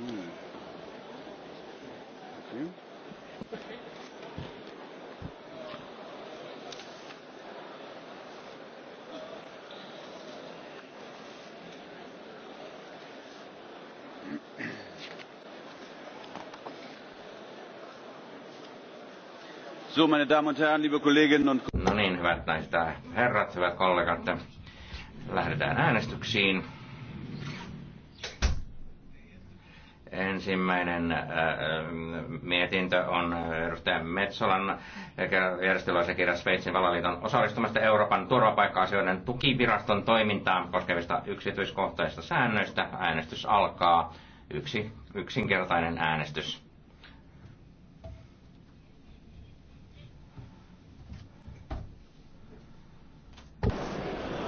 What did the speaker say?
No niin, hyvät naiset ja herrat, hyvät kollegat, lähdetään äänestyksiin. Ensimmäinen äh, äh, mietintö on äh, edustaja Metsolan järjestelyasiakirja Sveitsin valaliiton osallistumasta Euroopan turvapaikka-asioiden tukiviraston toimintaan koskevista yksityiskohtaisista säännöistä. Äänestys alkaa. Yksi, yksinkertainen äänestys.